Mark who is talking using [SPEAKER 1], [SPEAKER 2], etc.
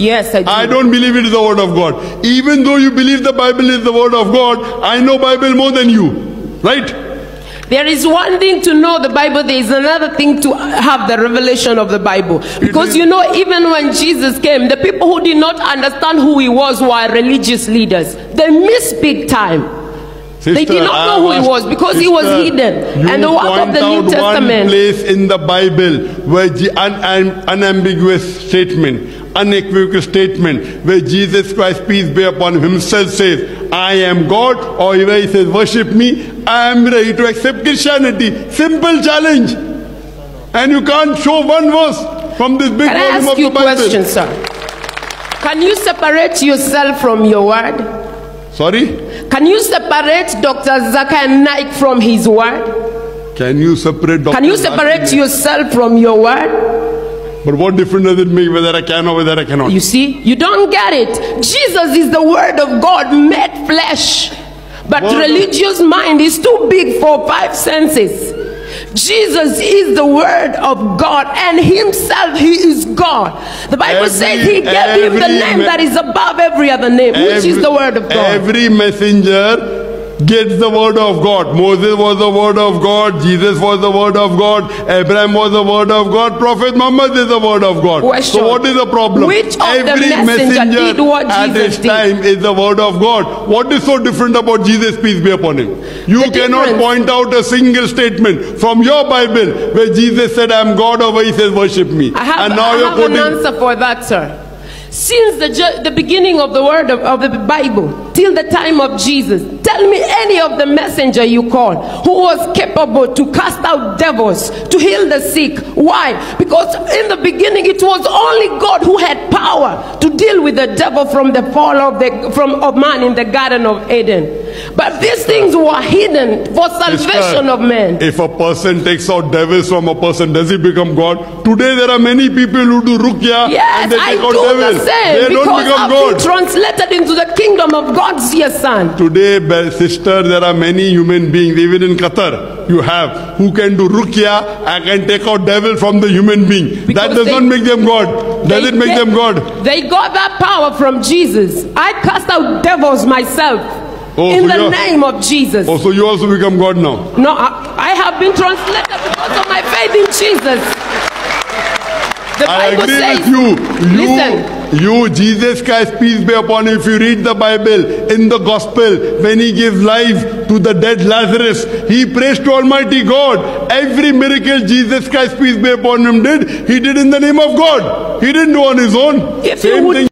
[SPEAKER 1] Yes, I do. I don't believe it is the word of God. Even though you believe the Bible is the word of God, I know Bible more than you. Right?
[SPEAKER 2] There is one thing to know the Bible, there is another thing to have the revelation of the Bible. Because you know, even when Jesus came, the people who did not understand who he was were religious leaders. They missed big time.
[SPEAKER 1] Sister, they did not know who he uh, was
[SPEAKER 2] because sister, he was hidden. And the words of the New Testament. One
[SPEAKER 1] place in the Bible where the un- unambiguous statement, unequivocal statement, where Jesus Christ, peace be upon him, himself, says, I am God, or he says, Worship me, I am ready to accept Christianity. Simple challenge. And you can't show one verse from this big Can I ask you a question, sir?
[SPEAKER 2] Can you separate yourself from your word? Sorry? Can you separate? separate Dr. Zakai Naik from his word?
[SPEAKER 1] Can you separate Dr. Can you separate yourself from your word? But what difference does it make whether I can or whether I cannot? You see,
[SPEAKER 2] you don't get it. Jesus is the word of God made flesh. But religious mind is too big for five senses. Jesus is the word of God and himself he is God. The Bible every, says he gave him the name that is above every other name every, which is the word of God.
[SPEAKER 1] Every messenger gets the word of God. Moses was the word of God. Jesus was the word of God. Abraham was the word of God. Prophet Muhammad is the word of God. Question. So what is the problem? Which of Every the messenger what Jesus at his time is the word of God. What is so different about Jesus? Peace be upon him. You the cannot difference. point out a single statement from your Bible where Jesus said, "I am God," or where he says, "Worship me." I have, and now I you're have putting, an
[SPEAKER 2] answer for that, sir since the, the beginning of the word of, of, the Bible till the time of Jesus. Tell me any of the messenger you call who was capable to cast out devils, to heal the sick. Why? Because in the beginning it was only God who had power to with the devil from the fall of the from of man in the Garden of Eden. But these things were hidden for salvation of men.
[SPEAKER 1] If a person takes out devils from a person, does he become God? Today there are many people who do rukia yes, and they take I out do devils. The same they don't become I've God.
[SPEAKER 2] Been translated into the kingdom of God's dear son.
[SPEAKER 1] Today, sister, there are many human beings, even in Qatar, you have who can do rukia and can take out devil from the human being. Because that does they, not make them God. Does did it make they, them God?
[SPEAKER 2] They got that power from Jesus. I cast out devils myself.
[SPEAKER 1] Oh, in so the name of Jesus. Oh, so you also become God now?
[SPEAKER 2] No, I, I have been translated because of my faith in Jesus.
[SPEAKER 1] The I Bible agree says, with you. you listen, you, Jesus Christ, peace be upon you." If you read the Bible, in the gospel, when he gives life, to the dead Lazarus. He prays to Almighty God. Every miracle Jesus Christ, peace be upon him, did, he did in the name of God. He didn't do on his own. If Same you would